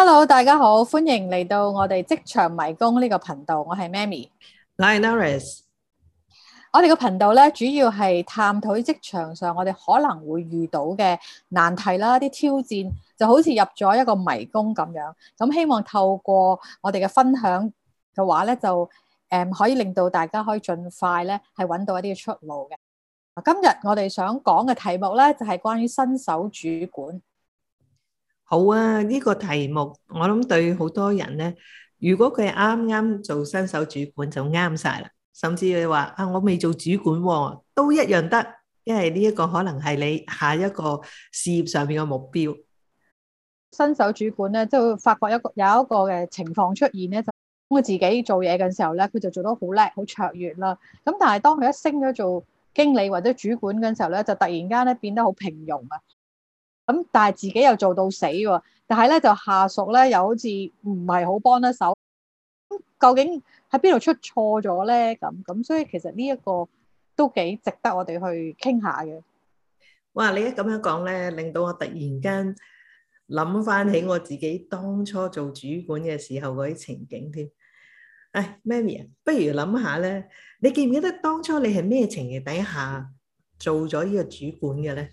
Hello，大家好，歡迎嚟到我哋職場迷宮呢個頻道，我係 Mamie，Norris。我哋個頻道咧，主要係探討職場上我哋可能會遇到嘅難題啦，啲挑戰就好似入咗一個迷宮咁樣。咁希望透過我哋嘅分享嘅話咧，就誒可以令到大家可以盡快咧係搵到一啲嘅出路嘅。今日我哋想講嘅題目咧，就係關於新手主管。好啊！呢個題目，我諗對好多人咧，如果佢係啱啱做新手主管就啱晒啦。甚至佢話啊，我未做主管喎，都一樣得，因為呢一個可能係你下一個事業上面嘅目標。新手主管咧，即係發覺一個有一個嘅情況出現咧，就咁佢自己做嘢嘅時候咧，佢就做得好叻，好卓越啦。咁但係當佢一升咗做經理或者主管嘅時候咧，就突然間咧變得好平庸啊。咁但係自己又做到死喎，但係咧就下屬咧又好似唔係好幫得手，究竟喺邊度出錯咗咧？咁咁，所以其實呢一個都幾值得我哋去傾下嘅。哇！你一咁樣講咧，令到我突然間諗翻起我自己當初做主管嘅時候嗰啲情景添。唉 Mamie 啊，不如諗下咧，你記唔記得當初你係咩情形底下做咗呢個主管嘅咧？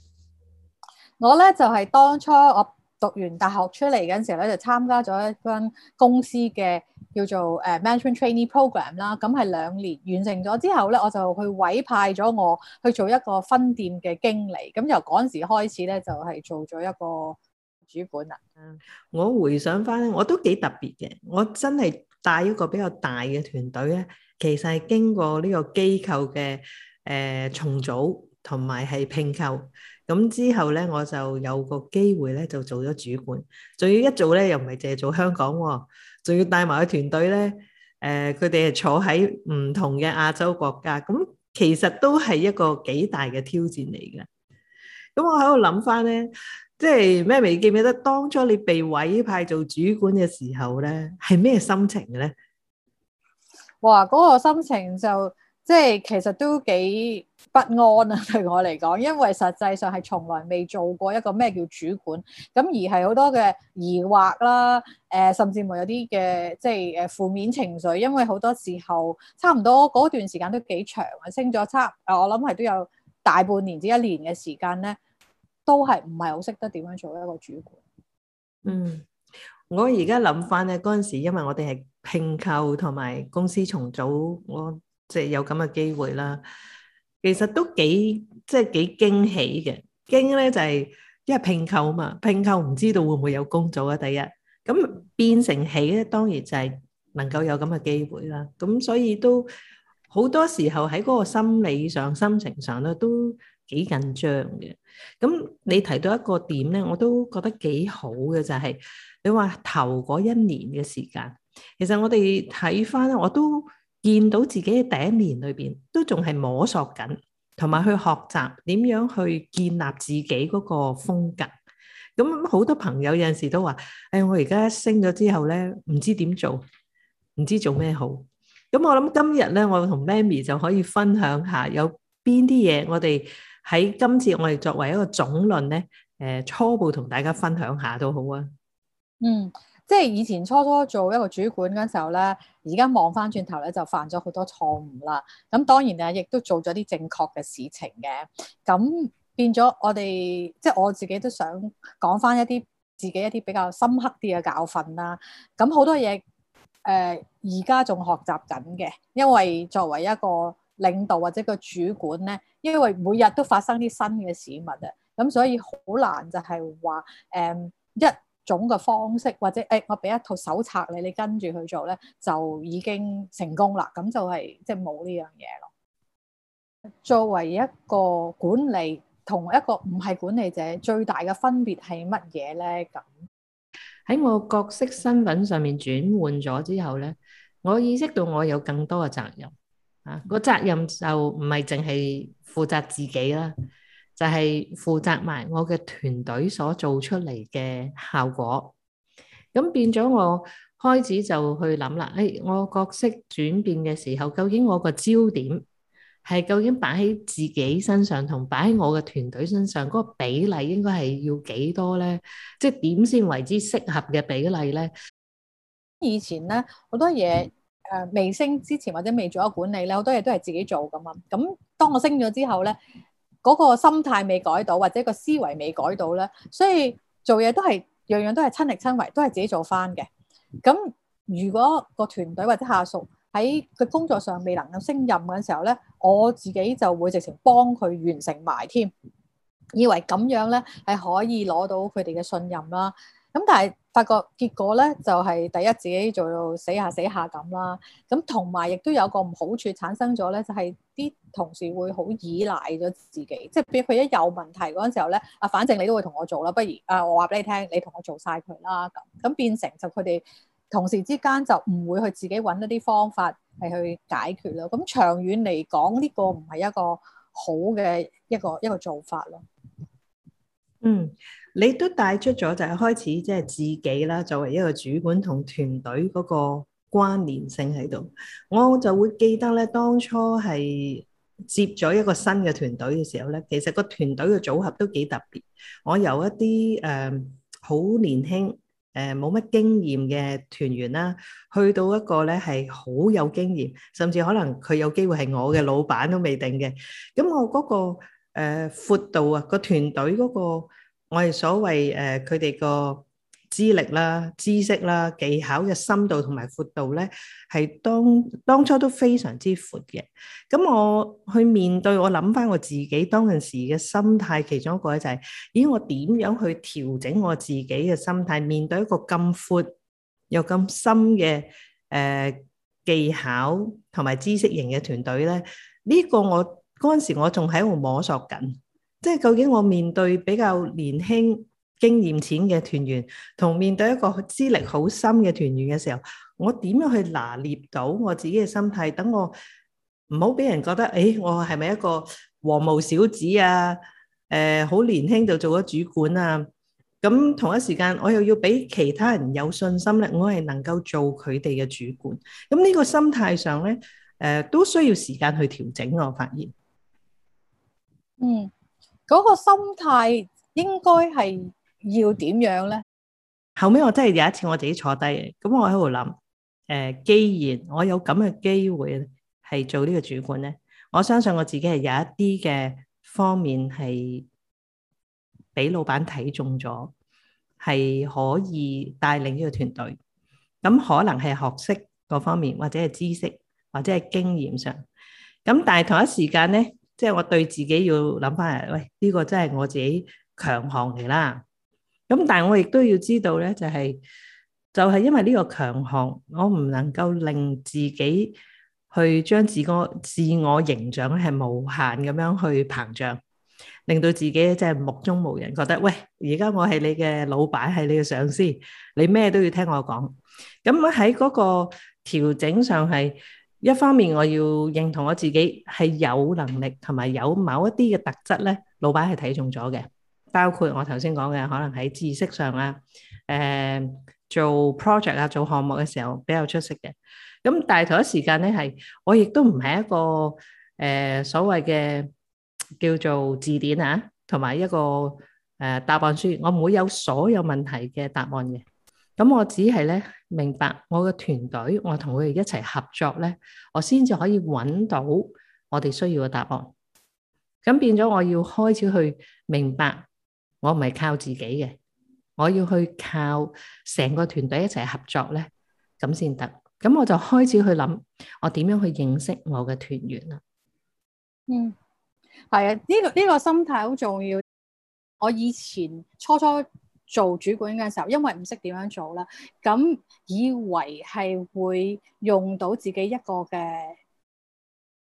我咧就係、是、當初我讀完大學出嚟嗰陣時咧，就參加咗一間公司嘅叫做誒 management training program 啦。咁係兩年完成咗之後咧，我就去委派咗我去做一個分店嘅經理。咁由嗰陣時開始咧，就係、是、做咗一個主管啦。我回想翻，我都幾特別嘅。我真係帶一個比較大嘅團隊咧，其實係經過呢個機構嘅誒、呃、重組同埋係併購。咁之後咧，我就有個機會咧，就做咗主管，仲要一做咧，又唔係淨係做香港喎、哦，仲要帶埋個團隊咧。誒、呃，佢哋係坐喺唔同嘅亞洲國家，咁其實都係一個幾大嘅挑戰嚟嘅。咁我喺度諗翻咧，即係咩未記唔記得，當初你被委派做主管嘅時候咧，係咩心情嘅咧？哇！嗰、那個心情就～即係其實都幾不安啊！對我嚟講，因為實際上係從來未做過一個咩叫主管，咁而係好多嘅疑惑啦，誒，甚至乎有啲嘅即係誒負面情緒，因為好多時候差唔多嗰段時間都幾長啊，升咗差，誒，我諗係都有大半年至一年嘅時間咧，都係唔係好識得點樣做一個主管。嗯，我而家諗翻咧嗰陣時，因為我哋係併購同埋公司重組，我。即係有咁嘅機會啦，其實都幾即係幾驚喜嘅。驚咧就係因為拼購啊嘛，拼購唔知道會唔會有工作啊。第一，咁變成喜咧，當然就係能夠有咁嘅機會啦。咁所以都好多時候喺嗰個心理上、心情上咧都幾緊張嘅。咁你提到一個點咧，我都覺得幾好嘅就係你話頭嗰一年嘅時間，其實我哋睇翻我都。見到自己嘅第一年裏邊，都仲係摸索緊，同埋去學習點樣去建立自己嗰個風格。咁好多朋友有陣時都話，誒、哎，我而家升咗之後咧，唔知點做，唔知做咩好。咁我諗今日咧，我同 Mammy 就可以分享下有邊啲嘢，我哋喺今次我哋作為一個總論咧，誒初步同大家分享下都好啊。嗯。即係以前初初做一個主管嗰陣時候咧，而家望翻轉頭咧就犯咗好多錯誤啦。咁當然啊，亦都做咗啲正確嘅事情嘅。咁變咗我哋，即係我自己都想講翻一啲自己一啲比較深刻啲嘅教訓啦。咁好多嘢誒，而家仲學習緊嘅，因為作為一個領導或者個主管咧，因為每日都發生啲新嘅事物啊，咁所以好難就係話誒一種嘅方式，或者誒，我俾一套手冊你，你跟住去做咧，就已經成功啦。咁就係即係冇呢樣嘢咯。作為一個管理同一個唔係管理者，最大嘅分別係乜嘢咧？咁喺我個角色身份上面轉換咗之後咧，我意識到我有更多嘅責任啊！個責任就唔係淨係負責自己啦。就係負責埋我嘅團隊所做出嚟嘅效果，咁變咗我開始就去諗啦。誒，我角色轉變嘅時候，究竟我個焦點係究竟擺喺自己身上，同擺喺我嘅團隊身上嗰個比例應該係要幾多咧？即係點先為之適合嘅比例咧？以前咧，好多嘢誒，未升之前或者未做咗管理咧，好多嘢都係自己做㗎嘛。咁當我升咗之後咧。嗰、那個心態未改到，或者個思維未改到咧，所以做嘢都係樣樣都係親力親為，都係自己做翻嘅。咁如果個團隊或者下屬喺佢工作上未能夠升任嘅時候咧，我自己就會直情幫佢完成埋添，以為咁樣咧係可以攞到佢哋嘅信任啦。咁但係發覺結果咧，就係第一自己做到死下死下咁啦。咁同埋亦都有個唔好處產生咗咧，就係啲同事會好依賴咗自己，即係譬如佢一有問題嗰陣時候咧，啊反正你都會同我做啦，不如啊我話俾你聽，你同我做晒佢啦咁。咁變成就佢哋同事之間就唔會去自己揾一啲方法係去解決咯。咁長遠嚟講，呢個唔係一個好嘅一個一個做法咯。嗯，你都帶出咗就係開始即係自己啦，作為一個主管同團隊嗰個關聯性喺度。我就會記得咧，當初係接咗一個新嘅團隊嘅時候咧，其實個團隊嘅組合都幾特別。我由一啲誒好年輕誒冇乜經驗嘅團員啦，去到一個咧係好有經驗，甚至可能佢有機會係我嘅老闆都未定嘅。咁我嗰個。誒、呃、闊度啊，嗰個團隊嗰、嗰個我哋所謂誒佢哋個資歷啦、知識啦、技巧嘅深度同埋闊度咧，係當當初都非常之闊嘅。咁我去面對，我諗翻我自己當陣時嘅心態，其中一個就係、是：咦，我點樣去調整我自己嘅心態，面對一個咁闊又咁深嘅誒、呃、技巧同埋知識型嘅團隊咧？呢、呢個我。嗰陣時，我仲喺度摸索緊，即係究竟我面對比較年輕、經驗淺嘅團員，同面對一個資歷好深嘅團員嘅時候，我點樣去拿捏到我自己嘅心態？等我唔好俾人覺得，誒，我係咪一個黃毛小子啊？誒、呃，好年輕就做咗主管啊？咁同一時間，我又要俾其他人有信心咧，我係能夠做佢哋嘅主管。咁呢個心態上咧，誒、呃、都需要時間去調整。我發現。嗯，嗰、那個心態應該係要點樣咧？後尾我真係有一次我自己坐低，咁我喺度諗，誒、呃，既然我有咁嘅機會係做呢個主管咧，我相信我自己係有一啲嘅方面係俾老闆睇中咗，係可以帶領呢個團隊。咁可能係學識嗰方面，或者係知識，或者係經驗上。咁但係同一時間咧。即係我對自己要諗翻嚟，喂，呢個真係我自己強項嚟啦。咁但係我亦都要知道咧，就係就係因為呢個強項，我唔能夠令自己去將自個自我形象係無限咁樣去膨脹，令到自己即係目中無人，覺得，喂，而家我係你嘅老闆，係你嘅上司，你咩都要聽我講。咁咧喺嗰個調整上係。一方面我要認同我自己係有能力同埋有某一啲嘅特質咧，老闆係睇中咗嘅，包括我頭先講嘅可能喺知識上啊，誒做 project 啊做項目嘅時候比較出色嘅。咁但係同一時間咧係我亦都唔係一個誒所謂嘅叫做字典啊，同埋一個誒答案書，我唔會有所有問題嘅答案嘅。咁我只係咧。明白，我嘅團隊，我同佢哋一齊合作咧，我先至可以揾到我哋需要嘅答案。咁變咗，我要開始去明白，我唔係靠自己嘅，我要去靠成個團隊一齊合作咧，咁先得。咁我就開始去諗，我點樣去認識我嘅團員啦。嗯，係啊，呢個呢個心態好重要。我以前初初做主管嘅時候，因為唔識點樣做啦，咁以為係會用到自己一個嘅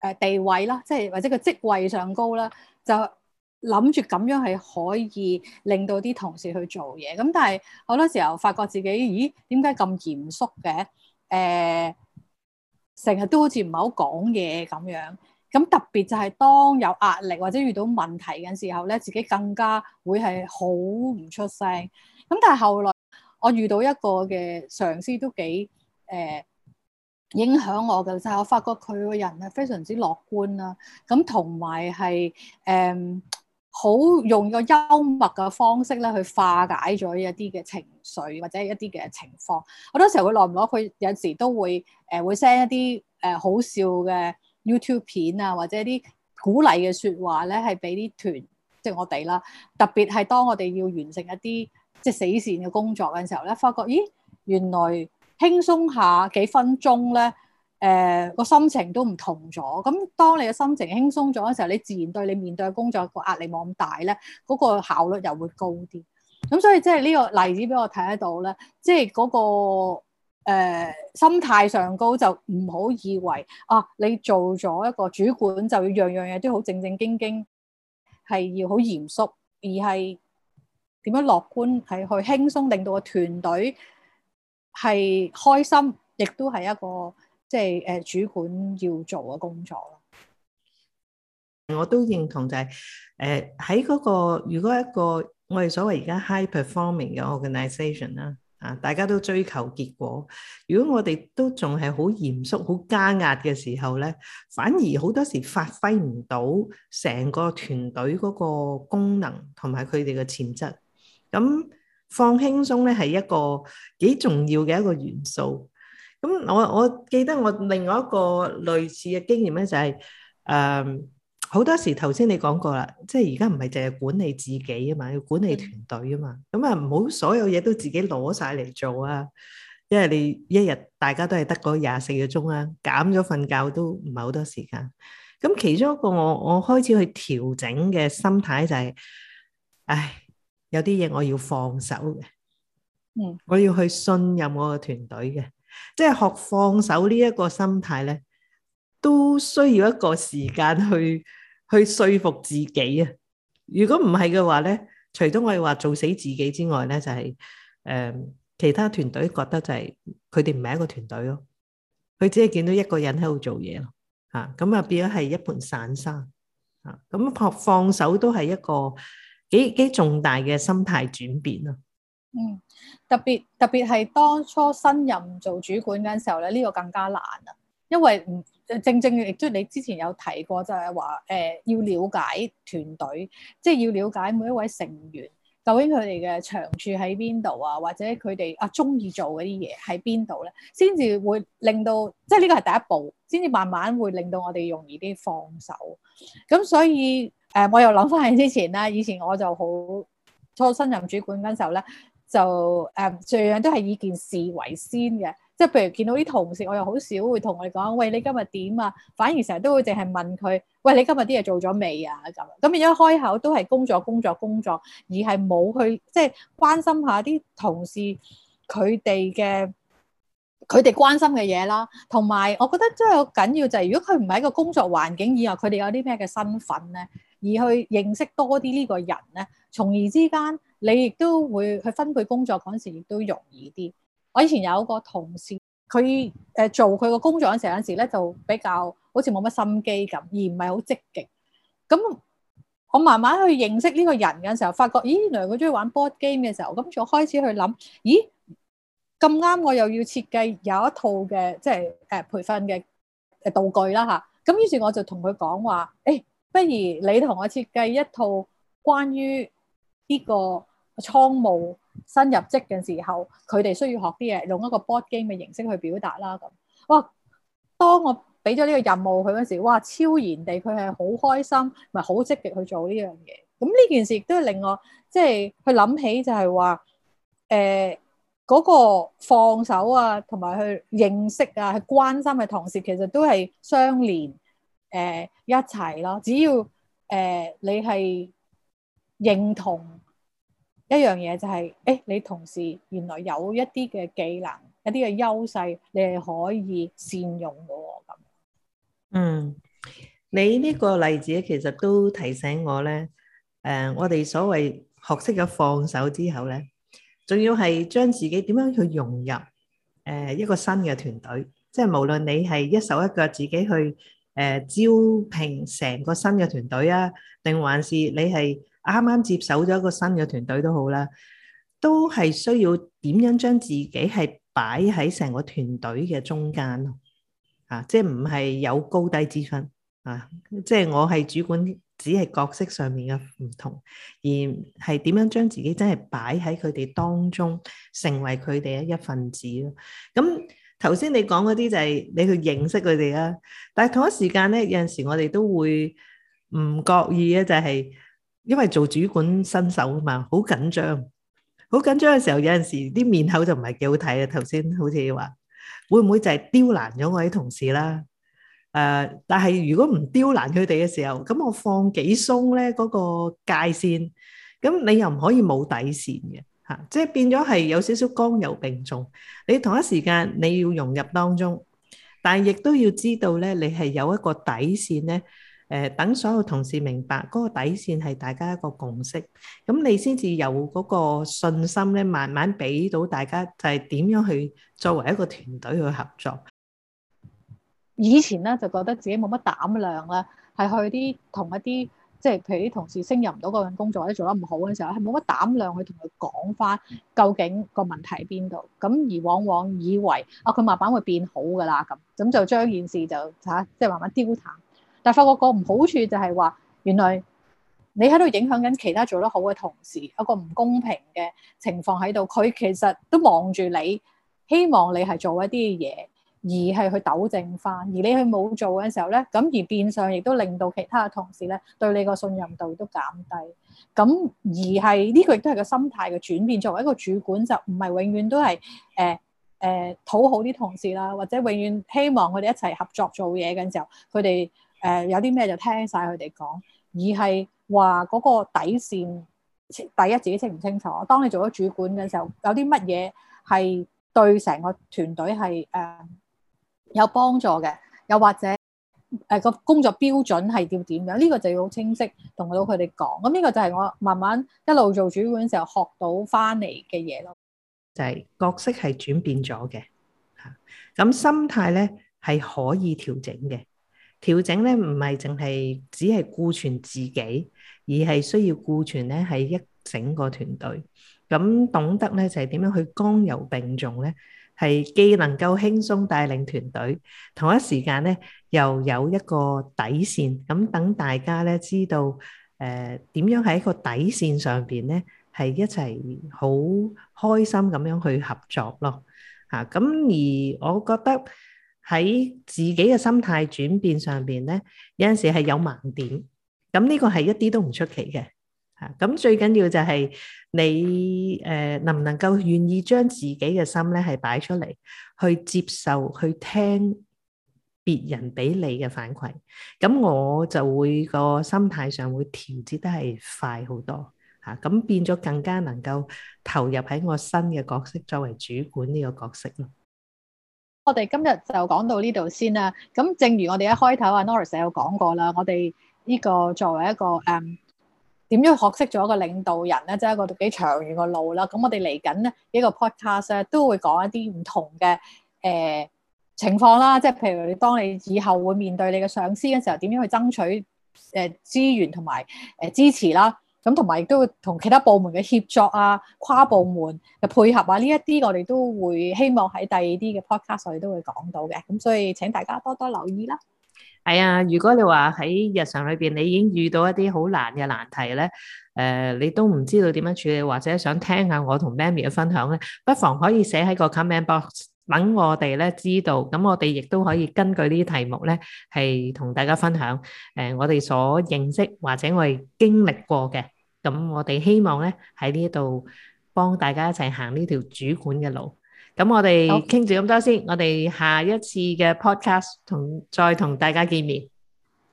誒地位啦，即係或者個職位上高啦，就諗住咁樣係可以令到啲同事去做嘢。咁但係好多時候發覺自己，咦？點解咁嚴肅嘅？誒、欸，成日都好似唔係好講嘢咁樣。咁特別就係當有壓力或者遇到問題嘅時候咧，自己更加會係好唔出聲。咁但係後來我遇到一個嘅上司都幾誒、呃、影響我嘅，就係、是、我發覺佢個人係非常之樂觀啦。咁同埋係誒好用個幽默嘅方式咧去化解咗一啲嘅情緒或者一啲嘅情況。好多時候佢耐唔耐，佢，有時都會誒、呃、會 send 一啲誒、呃、好笑嘅。YouTube 片啊，或者啲鼓勵嘅説話咧，係俾啲團，即係我哋啦。特別係當我哋要完成一啲即係死線嘅工作嘅時候咧，發覺咦，原來輕鬆下幾分鐘咧，誒個心情都唔同咗。咁當你嘅心情輕鬆咗嘅時候，你自然對你面對嘅工作個壓力冇咁大咧，嗰個效率又會高啲。咁所以即係呢個例子俾我睇得到咧，即係嗰個。誒、uh，心態上高就唔好以為啊，你做咗一個主管就要樣樣嘢，都好正正經經，係要好嚴肅，而係點樣樂觀，係去輕鬆令到個團隊係開心，亦都係一個即係誒主管要做嘅工作咯。我都認同就係誒喺嗰個如果一個我哋所謂而家 high performing 嘅 organization 啦。啊！大家都追求結果。如果我哋都仲係好嚴肅、好加壓嘅時候咧，反而好多時發揮唔到成個團隊嗰個功能同埋佢哋嘅潛質。咁放輕鬆咧係一個幾重要嘅一個元素。咁我我記得我另外一個類似嘅經驗咧就係誒。好多時頭先你講過啦，即係而家唔係淨係管理自己啊嘛，要管理團隊啊嘛。咁啊，唔好所有嘢都自己攞晒嚟做啊，因為你一日大家都係得嗰廿四個鐘啊，減咗瞓覺都唔係好多時間。咁其中一個我我開始去調整嘅心態就係，唉，有啲嘢我要放手嘅，嗯，我要去信任我嘅團隊嘅，即係學放手呢一個心態咧，都需要一個時間去去說服自己啊！如果唔係嘅話咧，除咗我哋話做死自己之外咧，就係、是、誒、呃、其他團隊覺得就係佢哋唔係一個團隊咯、啊，佢只係見到一個人喺度做嘢咯嚇。咁啊變咗係一盤散沙嚇。咁、啊、放放手都係一個幾幾重大嘅心態轉變咯、啊。嗯，特別特別係當初新任做主管嗰陣時候咧，呢、這個更加難啊，因為唔～誒正正亦都，你之前有提過就是說，就係話誒要了解團隊，即係要了解每一位成員究竟佢哋嘅長處喺邊度啊，或者佢哋啊中意做嗰啲嘢喺邊度咧，先至會令到即係呢個係第一步，先至慢慢會令到我哋容易啲放手。咁所以誒、呃、我又諗翻起之前啦，以前我就好初新任主管嗰陣時候咧，就誒樣、呃、樣都係以件事為先嘅。即係譬如見到啲同事，我又好少會同佢講，喂，你今日點啊？反而成日都會淨係問佢，喂，你今日啲嘢做咗未啊？咁咁變咗開口都係工作工作工作，而係冇去即係、就是、關心下啲同事佢哋嘅佢哋關心嘅嘢啦。同埋我覺得真係好緊要就係，如果佢唔係一個工作環境，以後佢哋有啲咩嘅身份咧，而去認識多啲呢個人咧，從而之間你亦都會去分配工作嗰陣時，亦都容易啲。我以前有個同事，佢誒做佢個工作嗰時，有時咧就比較好似冇乜心機咁，而唔係好積極。咁我慢慢去認識呢個人嘅時候，發覺咦，原來佢中意玩 board game 嘅時候，咁就開始去諗，咦咁啱我又要設計有一套嘅即係誒培訓嘅誒道具啦吓，咁於是我就同佢講話，誒、欸、不如你同我設計一套關於呢、呢個。倉務新入職嘅時候，佢哋需要學啲嘢，用一個 board game 嘅形式去表達啦。咁，哇！當我俾咗呢個任務佢嗰時，哇！超然地，佢係好開心，咪好積極去做呢樣嘢。咁呢件事亦都令我即係去諗起，就係話，誒嗰個放手啊，同埋去認識啊，去關心嘅同時，其實都係相連誒一齊咯。只要誒你係認同。一樣嘢就係，誒你同事原來有一啲嘅技能、一啲嘅優勢，你係可以善用嘅喎。咁，嗯，你呢個例子其實都提醒我咧，誒我哋所謂學識咗放手之後咧，仲要係將自己點樣去融入誒一個新嘅團隊，即係無論你係一手一腳自己去誒招聘成個新嘅團隊啊，定還是你係啱啱接手咗一個新嘅團隊都好啦，都係需要點樣將自己係擺喺成個團隊嘅中間咯。啊，即係唔係有高低之分啊，即係我係主管，只係角色上面嘅唔同，而係點樣將自己真係擺喺佢哋當中，成為佢哋嘅一份子咯。咁頭先你講嗰啲就係你去認識佢哋啦。但係同一時間咧，有陣時我哋都會唔覺意咧、就係，就係。因為做主管新手啊嘛，好緊張，好緊張嘅時候，有陣時啲面口就唔係幾好睇啊。頭先好似話，會唔會就係刁難咗我啲同事啦？誒，但係如果唔刁難佢哋嘅時候，咁我放幾鬆咧，嗰個界線，咁你又唔可以冇底線嘅吓，即係變咗係有少少剛柔並重。你同一時間你要融入當中，但係亦都要知道咧，你係有一個底線咧。誒，等所有同事明白嗰個底線係大家一個共識，咁你先至有嗰個信心咧，慢慢俾到大家就係點樣去作為一個團隊去合作。以前咧就覺得自己冇乜膽量啦，係去啲同一啲，即係譬如啲同事升入唔到嗰份工作或者做得唔好嘅時候，係冇乜膽量去同佢講翻究竟個問題喺邊度。咁而往往以為啊佢慢慢會變好噶啦，咁咁就將件事就嚇即係慢慢丟淡。但係發覺個唔好處就係話，原來你喺度影響緊其他做得好嘅同事，有一個唔公平嘅情況喺度。佢其實都望住你，希望你係做一啲嘢，而係去糾正翻。而你去冇做嘅時候咧，咁而變相亦都令到其他嘅同事咧對你個信任度都減低。咁而係呢個亦都係個心態嘅轉變。作為一個主管就唔係永遠都係誒誒討好啲同事啦，或者永遠希望佢哋一齊合作做嘢嘅時候，佢哋。誒有啲咩就聽晒佢哋講，而係話嗰個底線，第一自己清唔清楚。當你做咗主管嘅時候，有啲乜嘢係對成個團隊係誒有幫助嘅，又或者誒個工作標準係要點樣？呢個就要好清晰同到佢哋講。咁呢個就係我慢慢一路做主管嘅時候學到翻嚟嘅嘢咯。就係角色係轉變咗嘅，嚇咁心態咧係可以調整嘅。調整咧唔係淨係只係顧全自己，而係需要顧全咧係一整個團隊。咁懂得咧就係點樣去剛柔並重咧，係既能夠輕鬆帶領團隊，同一時間咧又有一個底線。咁等大家咧知道，誒點樣喺一個底線上邊咧係一齊好開心咁樣去合作咯。嚇咁而我覺得。喺自己嘅心態轉變上邊咧，有陣時係有盲點，咁呢個係一啲都唔出奇嘅嚇。咁最緊要就係你誒能唔能夠願意將自己嘅心咧係擺出嚟，去接受去聽別人俾你嘅反饋，咁我就會個心態上會調節得係快好多嚇，咁變咗更加能夠投入喺我新嘅角色作為主管呢個角色咯。我哋今日就講到呢度先啦。咁正如我哋一開頭阿 Norris 有講過啦，我哋呢個作為一個誒點樣學識做一個領導人咧，就是呃，即係一個幾長遠個路啦。咁我哋嚟緊咧呢個 podcast 咧都會講一啲唔同嘅誒情況啦。即係譬如你當你以後會面對你嘅上司嘅時候，點樣去爭取誒資源同埋誒支持啦。咁同埋亦都會同其他部門嘅協作啊、跨部門嘅配合啊，呢一啲我哋都會希望喺第二啲嘅 podcast 我哋都會講到嘅，咁所以請大家多多留意啦。係啊，如果你話喺日常裏邊你已經遇到一啲好難嘅難題咧，誒你都唔知道點樣處理，或者想聽下我同 Mamie 嘅分享咧，不妨可以寫喺個 comment box 等我哋咧知道，咁我哋亦都可以根據呢啲題目咧係同大家分享，誒我哋所認識或者我哋經歷過嘅。咁我哋希望咧喺呢度幫大家一齊行呢條主管嘅路。咁我哋傾住咁多先，我哋下一次嘅 podcast 同再同大家見面。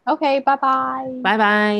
OK，拜拜，拜拜。